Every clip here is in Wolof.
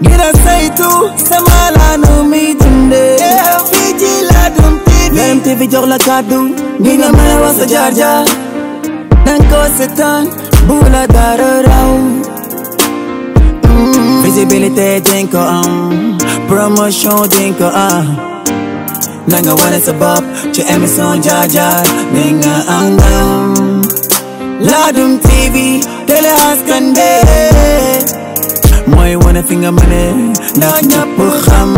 ngir a saytu sama mi dundee. teew fii ci Ladoum TV. Ladoum TV jox la kàddu. nga mën a jaar jaar. danga ko seetaan bu dara raw. Mm. visibilité dinga ko am promotion dinga ko am. nanga wane sa bopp ci émission jaar jaar mi nga am ndam. Ladoum TV télé askan bi. mooy wane fi nga mëne ndax ñëpp xam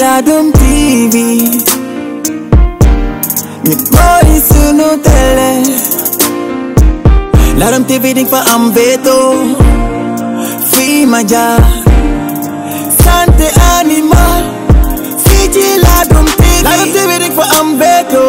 Ladoum TV ñu mooy sunu télé Ladoum TV di fa am béto fii ma jaar animal fii ci Ladoum TV Ladoum fa am béto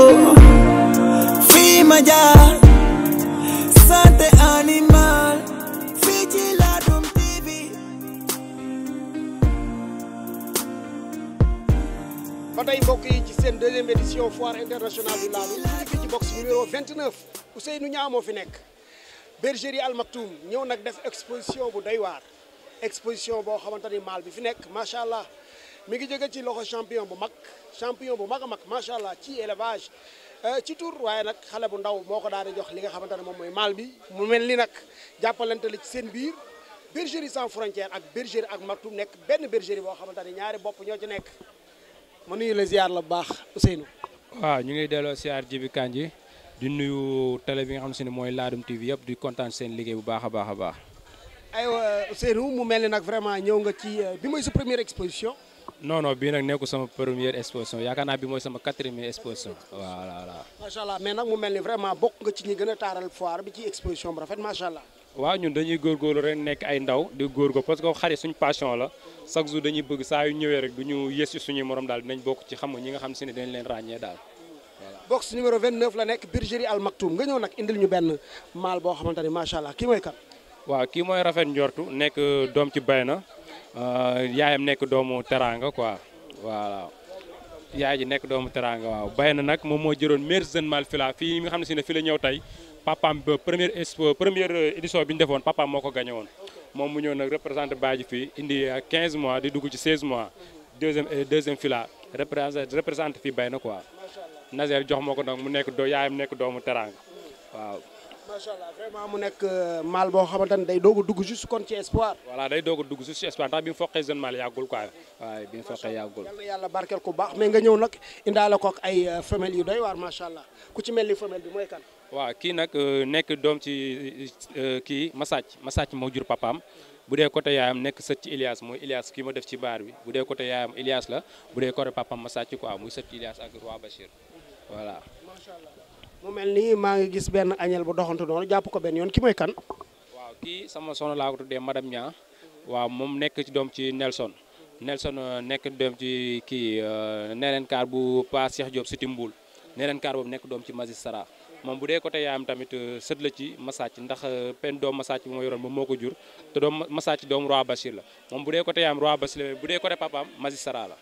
édition foire internationale du laadum fii ci box numéro 29 Ousseynou Niang moo fi nekk bergerie Al Maktoum ñëw nag def exposition bu doy exposition boo xamante ni maal bi fi nekk macha allah mi ngi jóge ci loxo champion bu mag champion bu mag a mag macha allah ci élevage euh, ci tour waaye nag xale bu ndaw moo ko daal di jox li nga xamante ne moom mooy maal bi mu mel ni nag jàppalante la ci seen biir bergerie sans frontière ak bergerie Al Maktoum nekk benn bergerie boo xamante ni ñaari bopp ñoo ci nekk. ma nuyu la baax Ousseynou. waaw ñu ngi delloo siyaar Djiby Kandji di nuyu télé bi nga xam si ne mooy Ladoum TV yëpp di kontaan seen liggéey bu baax a baax a baax. aywa Seydou mu mel ni nag vraiment ñëw nga ci euh, bi mooy sa première exposition. non non bii nag nekkul sama première exposition yaakaar naa bi mooy sama quatrième exposition voilà voilà. macha allah mais nag mu mel ni vraiment bokk nga ci ñi gën a taaral foire bi ci exposition bu rafet waaw ñun dañuy góorgóorlu rek nekk ay ndaw di góorgóor parce que xarit suñu passion la chaque jour dañuy bëgg saa yu ñëwee rek du ñu yées si suñuy morom daal dinañ bokk ci xam nga ñi nga xam si ne dañ leen ràññee daal voilà. box numéro 29 la nekk Bergerie Al Maktoum nga ñëw nag indil ñu benn maal boo xamante ne macha allah kii mooy kat. waaw kii mooy rafet njortu nekk euh, doom ci bay na euh, yaayam nekk doomu teraanga quoi voilà. yaay ji nekk doomu teraanga waaw bay na nag moom moo jëroon meilleur jeune mâle fila fii nga xam ne ne fii la ñëw tey. papaam ba première première euh, bi ñu defoon papaam moo ko gagné woon moom mu ñëw nag représenté baaj fii indi euh, quinze mois di dugg ci 16 mois deuxième euh, deuxième fila représenté fii bay na quoi Nazer jox moo ko nag mu nekk doo mu nekk doomu teraanga waaw macha allah vraiment mu nekk euh, mal boo xamante ne day doog dugg juste kon ci espoir. voilà day doog a dugg juste ci espoir ndax bi mu foqee jeune mal yàggul quoi waaye bi mu foqee yàggul. yàlla yàlla barkeel ku baax mais nga ñëw nag indaale ko ak ay euh, yu doy waar macha allah ku ci mel ni femelle bi mooy kan. waaw kii nag euh, nekk doom ci kii Massac Massac moo jur papaam bu dee côté yaayam nekk sët ci Ilias mooy Ilias kii ma def ci baar bi bu dee côté yaayam Ilias la bu dee côté papaam Massac quoi muy sët ci Ilias ak roi Bachir voilà. mu mel nii maa ngi gis benn añel bu doxantu noonu jàpp ko benn yoon ki mooy kan. waaw kii sama soxna laa ko tuddee madame Niang waaw moom nekk ci doom ci Nelson. Nelson euh, nekk doom ci kii neneen euh, kaar bu Pa Cheikh Diop si Timboul neneen kaar boobu nekk doom ci magistrat moom bu dee côté yaayam tamit euh, sët ci Masacc ndax pen doom Masacc bi ma yoroon moom moo ko jur te doom Masacc doom Roi Bachir la moom bu dee côté yaayam Roi la bu dee côté papaam magistrat la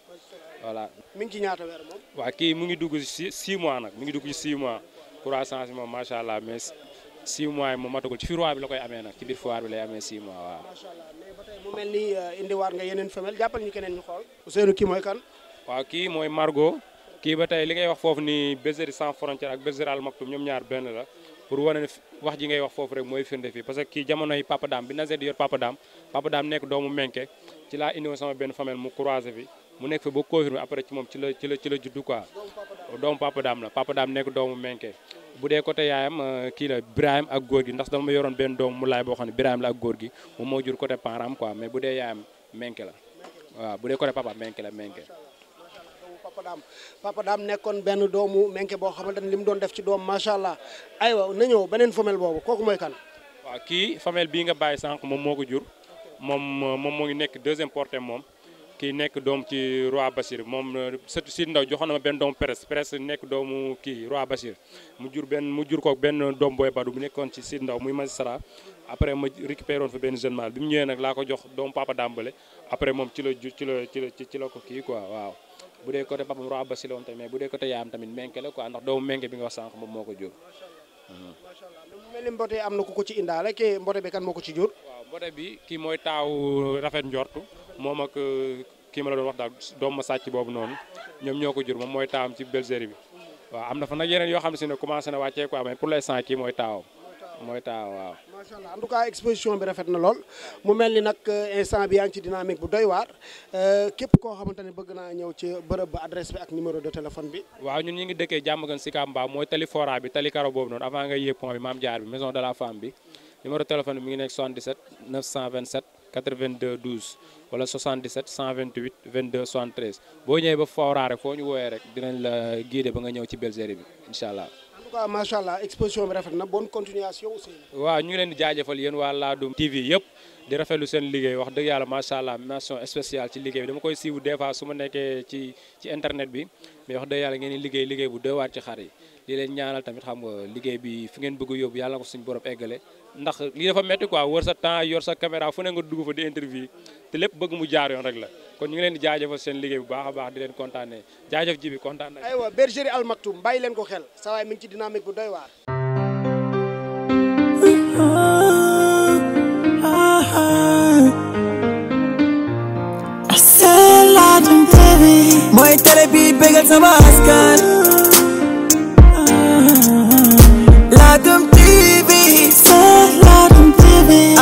voilà. mi ngi ci ñaata weer moom. waaw kii mu ngi dugg si 6 mois nag mi ngi dugg ci 6 mois. croissance bi moom macha allah mais six mois yi moom matagul ci foire bi la koy amee ci biir foire bi lay amee six waaw. mais ba tey mu mel ni euh, indiwaat nga yeneen femelle jàppal ñu keneen ñu xool. Ousseynou kii mooy kan. waaw kii mooy Margot kii ba tey li ngay wax foofu nii bergerie sans frontière ak bergerie Al Maktoum ñoom ñaar benn la pour wane ne wax ji ngay wax foofu rek mooy firnde fii parce que kii jamono yi Papa Dame bi Nazet di yor Papa Dame mu nekk fi ba confirmé après ci moom ci la ci la ci la juddu quoi doomu papa daam la papa daam nekk doomu menke bu dee côté yaayam euh, kii la Birahim ak góor gi ndax dama yoroon benn doomu mu boo xam ne Birahim la ak góor gi moom moo jur côté parent am quoi la waaw bu dee côté papa menke la menke papa daam nekkoon benn doomu menke boo xamante ne li mu doon def ci doom macha allah aywa na ñëw beneen femelle boobu kooku mooy kan. waaw kii femelle bii nga bàyyi sànq moom moo ko jur moom euh, moom moo ngi nekk deuxième portée moom. kii nekk doom ci roi Bachir moom euh, sëtu ndaw joxoon na ma benn doomu presse presse nekk doomu kii roi Bachir mu jur benn mu jur ko benn doom booy badu bu nekkoon ci si ndaw muy magistrat après ma récupéré woon fa benn jeune mâle bi mu ñëwee nag laa ko jox doomu papa dàmbale après moom ci la ju ci la ci la ko kii quoi waaw. bu dee côté papam roi Bachir la woon tamit mais bu dee côté yaayam tamit menke la quoi ndax doomu menke bi nga wax sànq moo ko macha allah mais mu mel ni mbote am na ku ko ci indaale kii mbote bi kan moo ko ci jur. waaw mbote bi kii mooy taawu rafet njortu moom ak euh, kii ma la doon wax daal doom ma sàcc boobu noonu ñoom ñoo ko jur moom mooy taawam ci bergerie bi waaw am na fa nag yeneen yoo xam ne si ne commencé na wàccee quoi mais pour l'instant kii mooy taawam. mooy taaw waaw. macha allah en tout cas exposition bi rafet na lool mu mel ni nag euh, instant bi yaa ngi ci dynamique bu doy waar euh, képp koo xamante ne bëgg naa ñëw ci bërëb ba adresse bi ak numéro de téléphone bi. waaw ñun ñu ngi dëkkee jàmm gan Sicap Mbao mooy tali fora bi tali karo boobu noonu avant nga yéeg pont bi maam jaar bi maison de la femme bi numéro téléphone bi mi ngi nekk 77 927 82 12 wala 77 128 22 73 boo ñëwee ba fora rek foo ñu wooyee rek dinañ la guider ba nga ñëw ci bergerie bi incha allah. cas macha allah exposition bi rafet na bonne continuation aussi. waaw ñu leen di jaajëfal yéen waa Ladoum TV yëpp di rafetlu seen liggéey wax dëgg yàlla macha allah mention spéciale ci liggéey bi dama koy siiw des fois su ma nekkee ci ci internet bi mais wax dëgg yàlla ngeen di liggéey liggéey bu doy waar ci xar yi li leen ñaanal tamit xam nga liggéey bi fi ngeen bëgg a yóbbu yàlla ko suñu borom eggale ndax li dafa métti quoi wër sa temps yor sa caméra fu ne nga dugg fa di interview te lépp bëgg mu jaar yoon rek la kon ñu ngi leen di jaajëfal seen liggéey bu baax a baax di leen kontaanee jaajëf ji bi kontaan nañu. aywa Al Maktoum bàyyi leen ko xel saa waay mi ngi ci dynamique bu doy waar. mooy télé bi bégal sama askan.